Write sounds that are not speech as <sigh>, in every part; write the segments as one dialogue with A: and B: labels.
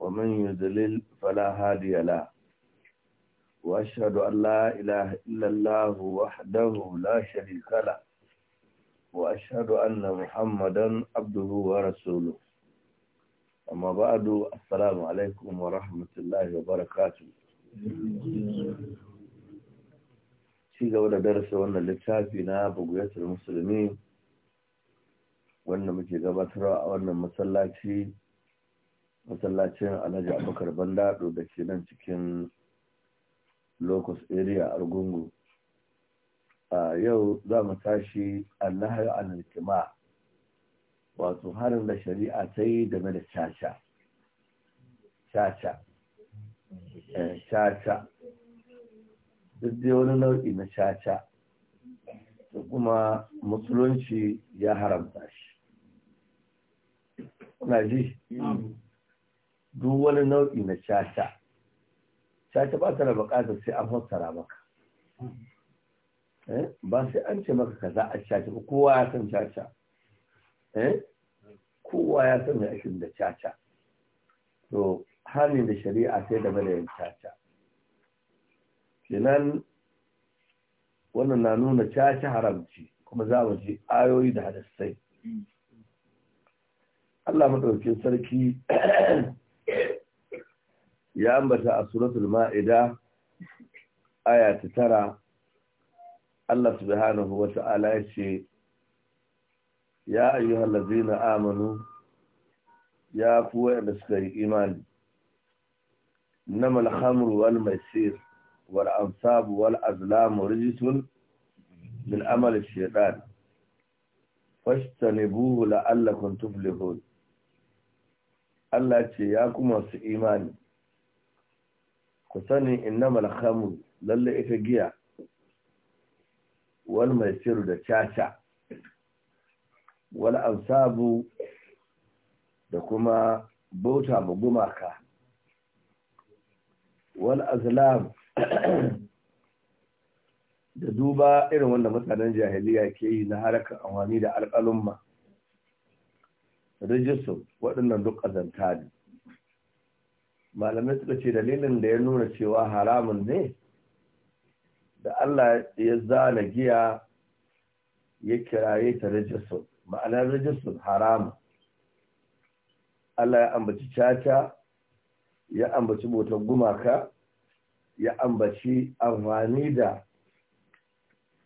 A: ومن يذلل فلا هادي له وأشهد أن لا إله إلا الله وحده لا شريك له وأشهد أن محمدا عبده ورسوله أما بعد السلام عليكم ورحمة الله وبركاته ci gaba da darasa wannan littafi na buguyatul musulmi wanda muke gabatarwa a wannan masallaci masallacin alhaji abubakar bandado da ke nan cikin locus area argungu a yau za mu tashi annahar alhikima wato harin da shari'a ta yi game da caca caca eh, caca duk dai wani nau'i na caca da kuma musulunci ya haramta shi kuna ji duk wani nau'i na caca, caca ba ta da buƙatar sai an fassara maka eh? ba sai an ce maka kaza a caca ba kowa ya san caca eh? kowa ya san mai da caca to hannun da shari'a sai da malayin caca nan wannan na nuna caca haramci kuma za mu ji ayoyi da hadisai mm. Allah maɗauki sarki ya ambata a suratul ma'ida aya ta tara Allah subhanahu wa ta'ala ya ce ya ayyuhal ladzina amanu ya kuwa da suka yi imani namal khamru wal maisir wal ansab wal azlam rijsun min amal ash-shaytan fastanibuhu la'allakum tuflihun Allah ce ya kuma su imani ku sani innamal khamr lalle ita giya wal siru da caca wal amsabu da kuma bauta ma gumaka wal azlam da duba irin wanda mutanen jahiliya ke yi na harakar amfani da alkalumma. Rijistar waɗannan duk ƙazanta ne malamai suka ce dalilin da ya nuna cewa haramun ne da Allah ya zana giya ya kiraye ta rijistar ma'anar rijistar haramun Allah ya ambaci caca ya ambaci botar gumaka ya ambaci amfani da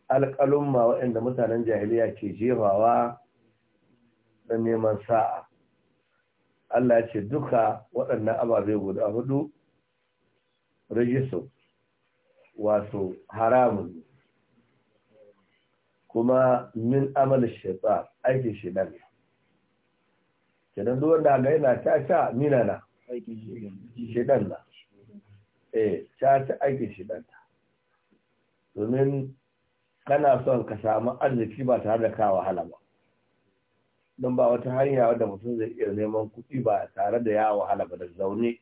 A: alƙalumma waɗanda mutanen jahiliya ke jefawa na neman sa'a Allah ce duka waɗannan ababe guda hudu rijisu wato haramun kuma min amal shaitan aikin shaitan kenan duk ga yana ta sha mina na nan na eh ta ta aikin shaitan domin kana son ka samu arziki ba tare da ka wahala ba don ba wata hanya wadda mutum zai iya neman kuɗi ba tare da ya wahala ba da zaune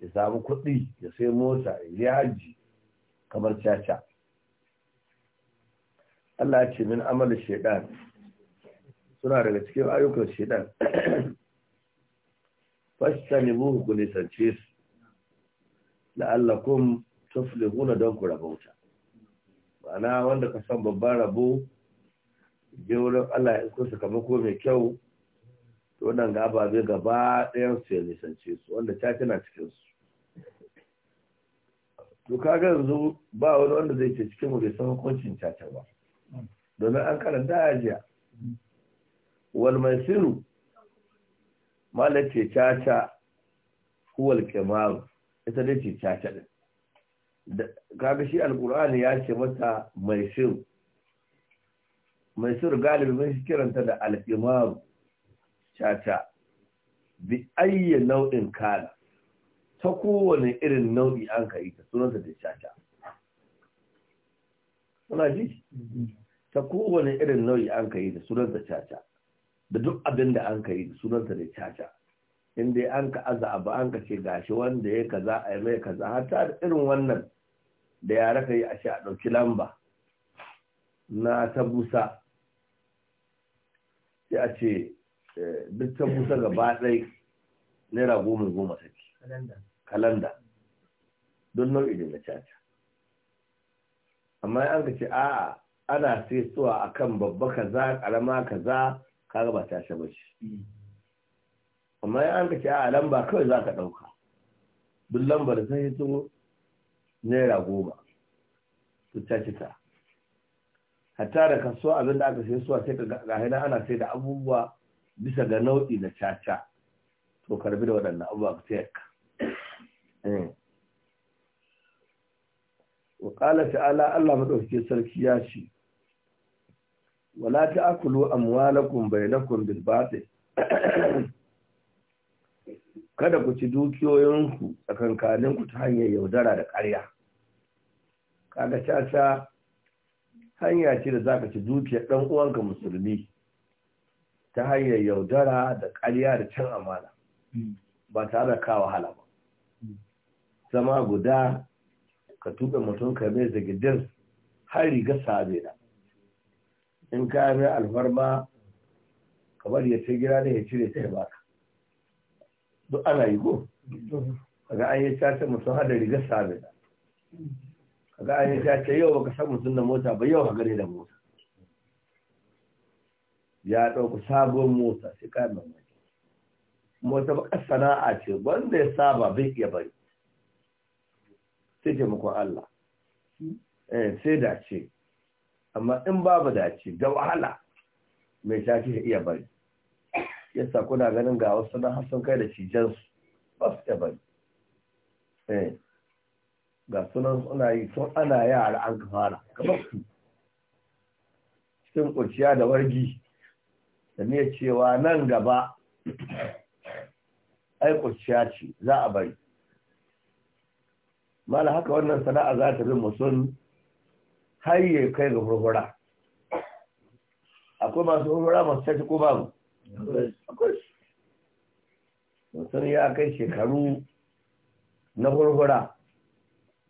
A: ya samu kuɗi ya sai mota ya yi hajji kamar caca Allah ce min amal shaidan suna daga cikin ayyukan shaidan <clears throat> fastani buhu ku nisance su la'allakum tuflihuna don ku rabauta ma'ana wanda ka san babban rabo je wurin Allah ya isko sakamako mai kyau to wannan ga ababe gaba ɗayan su ya nisance su wanda ta tana cikin su to kaga yanzu ba wani wanda zai ce cikin mu bai san hukuncin caca ba domin an karanta a jiya wal maisiru malace caca huwal kamaru ita dai ce caca din kaga shi alkur'ani ya ce mata siru mai sur galibi mun shi kiranta da al'imaru caca bi ayye nau'in kala ta kowane irin nau'i an ka ta sunanta da caca ji ta kowane irin nau'i an ka da sunanta da duk abin da an ka da sunanta da caca inda an ka aza abu an ka ce gashi wanda ya kaza a yi mai kaza har ta irin wannan da yara ka yi a shi a ɗauki lamba na ta busa sai a ce eh, duk ta busa gaba ɗai naira goma goma take kalanda don nau'i da na caca amma an ka ce a'a ana sai suwa akan babba kaza ka kaza ka gaba caca ba ce mm. amma an ka ce a'a lamba kawai za ka ɗauka duk lambar sai ya naira goma su caci ta hatta da kasuwa abin da aka sai suwa sai ga hina ana sai da abubuwa bisa ga nau'i da caca to karbi da waɗannan abubuwa ka sai ka eh. wa qala ta'ala Allah sarki ya ce wala Akulu amwalakum bainakum bil batil kada ku ci dukiyoyinku tsakankaninku ta hanyar yaudara da ƙarya kaga caca hanya ce da zaka ci dukiyar dan uwanka musulmi ta hanyar yaudara da ƙarya da cin amana ba tare da kawo wahala ba zama guda ka tuɓe mutum ka mai zagidin har riga sabe da in ka mai alfarma kamar ya ce gida ne ya cire ta ya baka duk ana yi go ga an yi cace mutum har da riga sabe da kaga an ta ce yau baka samu sunna mota ba yau ka gare da mota ya ɗauku sabon mota sai kayan mamaki mota baka sana'a ce wanda ya saba bai iya bari sai muku Allah eh sai dace amma in babu dace da wahala mai tafi ya iya bari yasa kuna ganin ga wasu na hasan kai da cijansu ba su iya bari eh. ga sunan suna yi sun ana yara an kamara kamar su cikin kurciya da wargi da ne cewa nan gaba ai kurciya ce za a bari mala haka wannan sana'a za ta bin musun hayye kai ga hurhura akwai masu hurhura masu tashi ko mu ya kai shekaru na hurhura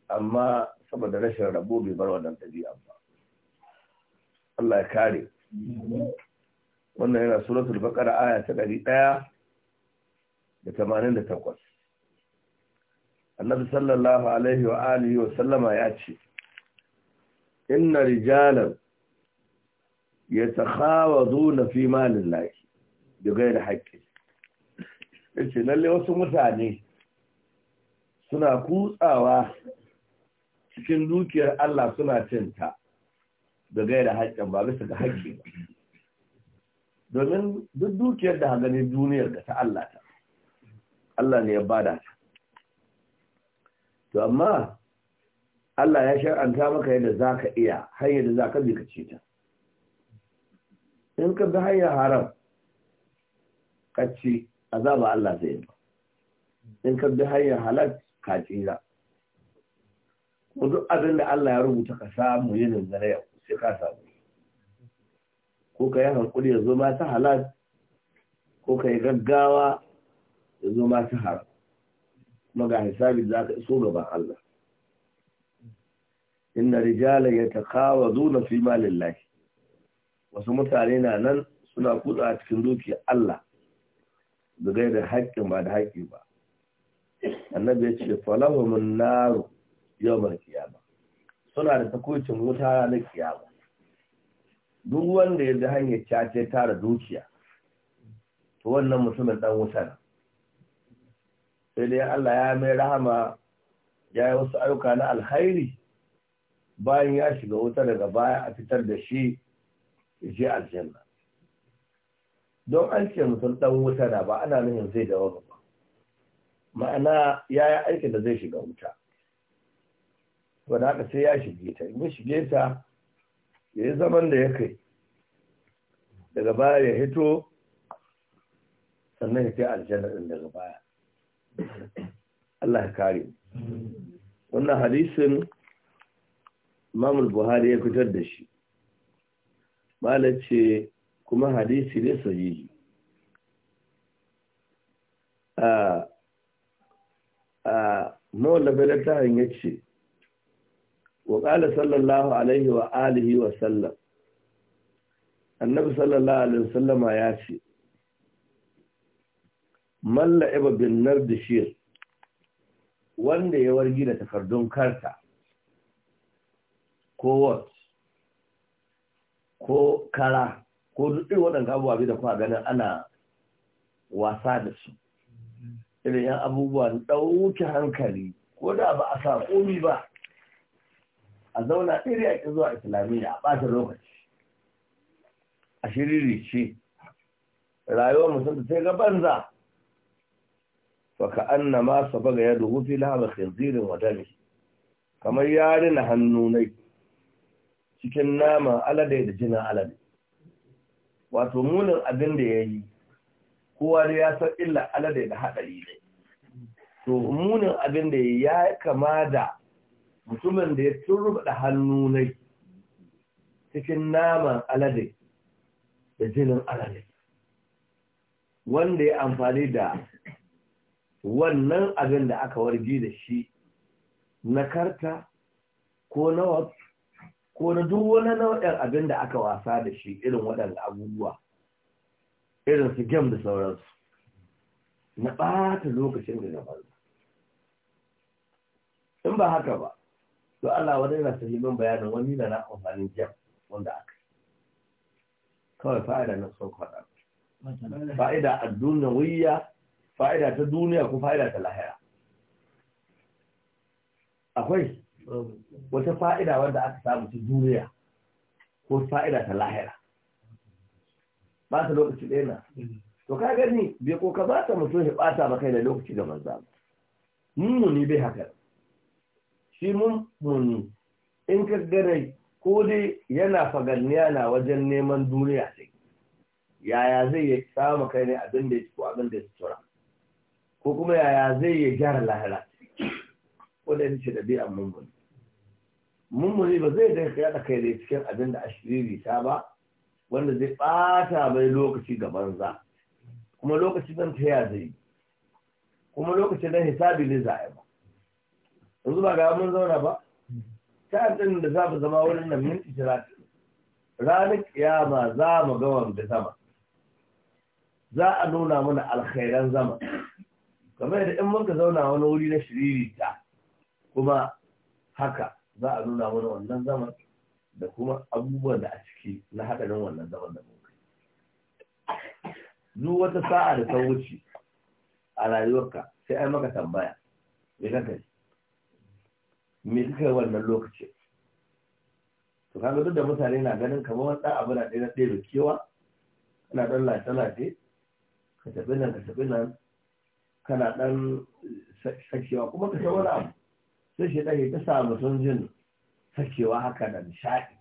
A: amma saboda rashin rabo bai bar wannan ɗabi'a ba Allah ya kare wannan yana suratul baqara aya ta ɗari ɗaya da tamanin da takwas annabi sallallahu alaihi wa alihi wa sallama ya ce inna rijalan yatakhawazuna fi malillahi bi ghairi haqqi yace lalle wasu mutane suna kutsawa cikin dukiyar Allah suna ta da gaira haƙƙin ba bisa ga haƙƙi ba domin duk dukiyar da haganin duniyar da ta Allah ta Allah ne ya bada ta to amma Allah ya shar'anta maka yadda za ka iya hanyar da za ka bi ka ce ta in ka bi hanyar haram ka ce azaba Allah zai ba in ka bi hanyar halal ka tsira ko duk abin da Allah ya rubuta ka samu yinin da na yau sai ka samu ko ka yi hankuli ya zo ma ta ko ka yi gaggawa ya zo ma ta haram kuma ga hisabi za ka iso gaban Allah inna rijala zuna fi malillahi wasu mutane na nan suna kutsa a cikin dukiya Allah da gaira haƙƙin ba da haƙƙi ba annabi ya ce mun naru yau kiyama suna da takocin wuta na kiyama duk wanda ya da hanyar cace tara dukiya to wannan mutumin dan wuta sai dai Allah ya mai rahama ya yi wasu ayyuka na alhairi bayan ya shiga wuta daga baya a fitar da shi ya je aljanna don an ce mutum dan wuta na ba ana nuhin zai wani ba ma'ana ya yi aikin da zai shiga wuta da haka sai ya shige ta in ya shige ta ya yi zaman da ya kai daga baya ya hito sannan ya kai aljanar ɗin daga baya Allah ya kare wannan hadisin mamul Buhari ya fitar da shi malam ce kuma hadisi ne sahihi a a mawallafin littafin ya ce وقال صلى الله عليه وآله وسلم النبي صلى الله عليه وسلم ياتي man la'iba bin nardishir wanda ya wargi da takardun karta ko wat ko kara ko duk waɗanda abubuwa bi da kuma ganin ana wasa da su irin yan abubuwa ɗauki hankali ko da ba a sa komi ba a zauna ɗiri a ƙi zuwa islamiyya a ɓata lokaci a shiriri ce rayuwar mutum da sai ga banza fa ka na masa saba ga yadda hufi lahaba khinzirin ne. kamar yari na hannu na cikin naman alade da jinin alade wato munin abin da ya yi kowa da ya san illa alade da haɗari ne to munin abin da ya yi ya kama da mutumin da ya turbuɗa hannu nai cikin naman alade da jinin alade wanda ya amfani da wannan abin da aka wargi da shi na karta ko na wasu ko na duk wani nau'in abin da aka wasa da shi irin waɗanda abubuwa irin su gem da sauransu na ɓata lokacin da na farko in ba haka ba to Allah wani yana sahi min bayanin wani da na amfani jam wanda aka yi kawai fa'ida na son kwaɗa fa'ida a duniya fa'ida ta duniya ko fa'ida ta lahira akwai wata fa'ida wanda aka samu ta duniya ko fa'ida ta lahira ba ta lokaci ɗaya na to ka gani bai ko ka ba ta mutum ya ɓata ba kai da lokaci da Mun mummuni bai haka shi mun muni in ka gane ko dai yana fagarniya na wajen neman duniya sai yaya zai ya samu kai ne abin da ya ci ko abin da ya tura ko kuma yaya zai ya gyara lahira ko da yace da bi'an mummuni mummuni ba zai da ya kai da cikin abin da ashiriri ta ba wanda zai bata mai lokaci ga banza kuma lokaci nan ta ya zai kuma lokaci nan hisabi ne za a yi ba yanzu ba ga mun zauna ba ta ɗin da za mu zama wurin nan minti talatin ranar kiyama za mu gawan da zama za a nuna mana alkhairan zama kamar da in muka zauna wani wuri na shiririta kuma haka za a nuna mana wannan zaman da kuma abubuwan da a ciki na haɗarin wannan zaman da muka duk wata sa'a da ta wuce a rayuwarka sai ai maka tambaya me kanka me suka yi wannan lokaci to kaga duk da mutane na ganin kamar wani ɗan abu na ɗaya na ɗaya kewa kana ɗan lace-lace ka tafi nan ka tafi nan kana ɗan sakewa kuma ka san wani abu sai shi ɗan ta samu sun jin sakewa haka da nishaɗi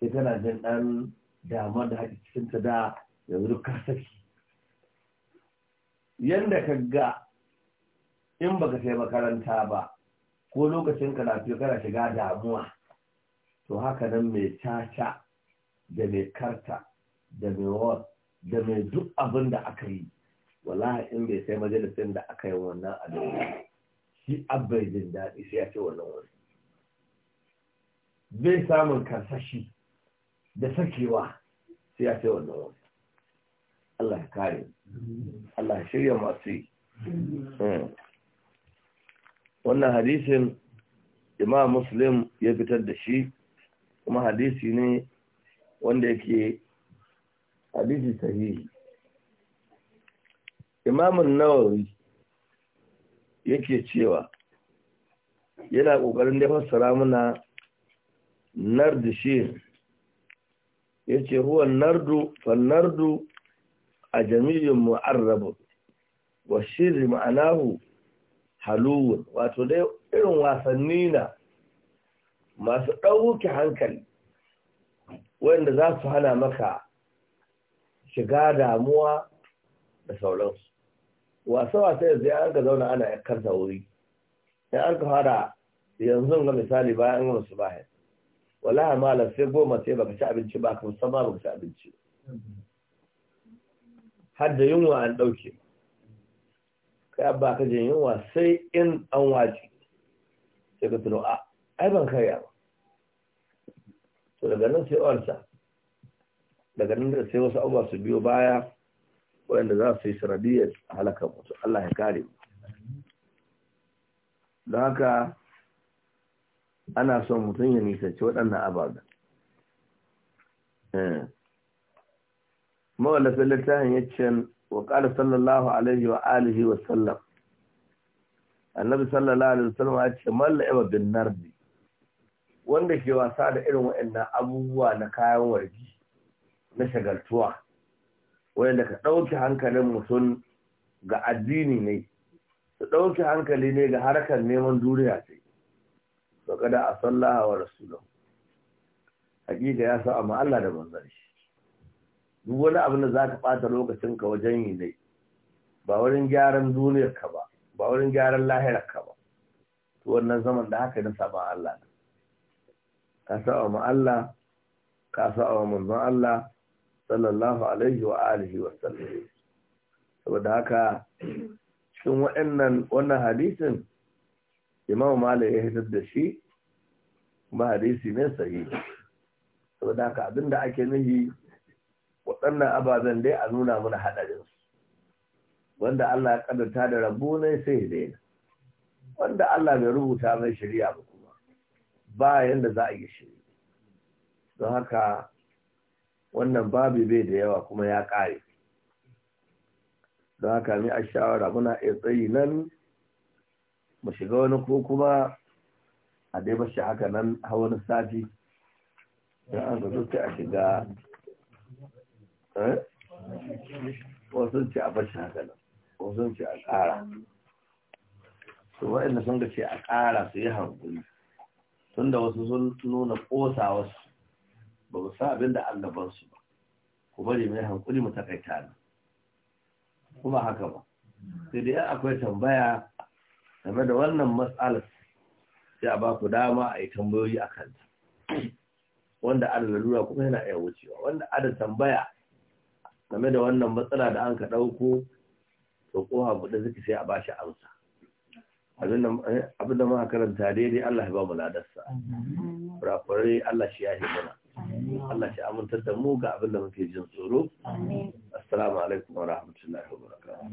A: sai tana jin ɗan damar da haɗi cikin ta da yanzu ka saki yanda ka ga in baka sai makaranta ba ko lokacin lafiya kana shiga damuwa to haka nan mai caca da mai karta da mai war da mai duk abin da aka yi wallahi in bai sai majalisin da aka yi wannan abin shi abbai jin daɗi sai ya ce wannan wani bai samun karsashi da sakewa sai ya ce wannan wani Allah ya kare Allah ya shirya masu yi wannan hadisin imam muslim ya fitar da shi kuma hadisi ne wanda yake hadisi sahihi imamun nawawi yake cewa yana ƙoƙarin da fassara muna nardishin ya ce ruwan nardu nardu a jami'in mu'arrabu wa shirri ma'anahu haluwun wato dai irin wasanni na masu ɗauki hankali wanda za su hana maka shiga damuwa da sauransu wasa-wasa yanzu ya an ga zauna ana karta wuri ya an ka fara yanzu ga misali bayan gama su bayan wala malam sai goma sai baka ci abinci ba ka musamman baka ci abinci mm-hmm. Hadda yunwa an ɗauke Ka ba ka jin yunwa sai in an wace sai ka tuno a ah, ai ban karya ba to daga nan sai olsa daga nan da sai wasu abubuwa su biyo baya waɗanda za su yi sanadiyar halakar mutu Allah ya kare mu don haka ana son mutum ya nisanci waɗannan ababen eh. mawallafin littafin ya ce wa sallallahu alaihi wa alihi wa sallam annabi sallallahu alaihi wa sallam ya ce mallaba bin wanda ke wasa da irin waɗannan abubuwa na kayan wargi na shagaltuwa wanda ka ɗauki hankalin mutum ga addini ne su ɗauki hankali ne ga harkar neman duniya ce Ba kada a sallaha wa rasulahu hakika ya sa amma Allah da manzon shi duk wani abin da za ka ɓata lokacin ka wajen yi ne ba wurin gyaran duniyar ka ba ba wurin gyaran ka ba to wannan zaman da haka na saban Allah ka sa'a mu Allah ka mu manzon Allah sallallahu alaihi wa alihi wa sallam saboda haka cikin waɗannan wannan hadisin Imam Malik ya hitar da shi ba hadisi ne sahihi saboda haka abinda ake nuhi waɗannan ababen dai a nuna mana haɗarinsu wanda Allah ya kadanta da rabu ne sai ya daina wanda Allah bai rubuta mai shari'a ba kuma ba yanda za a yi shiri don haka wannan babu bai da yawa kuma ya ƙare don haka mai a shawara muna iya tsayi nan mu shiga wani ko kuma a dai bashi haka nan hawan sati don an ga a shiga Eh? wasu ce a bashi haka nan wasu ce a ƙara ce a ƙara su yi hankuli tun da wasu sun nuna ƙosa ba mu sa abin da an ku bari mai hankuli mu takaita ne kuma haka ba sai akwai tambaya game da wannan matsalar sai baku dama a yi tambayoyi a kanta wanda adadin lura kuma yana iya wucewa wanda adadin tambaya game da wannan matsala da an ka ɗauko to kowa buɗe ziki sai a ba shi amsa abinda eh, muka karanta daidai Allah ya ba mu ladarsa kurakurai Allah shi ya yi muna Allah shi amintar da mu ga abinda muke jin tsoro assalamu alaikum wa rahmatullahi wa barakatuh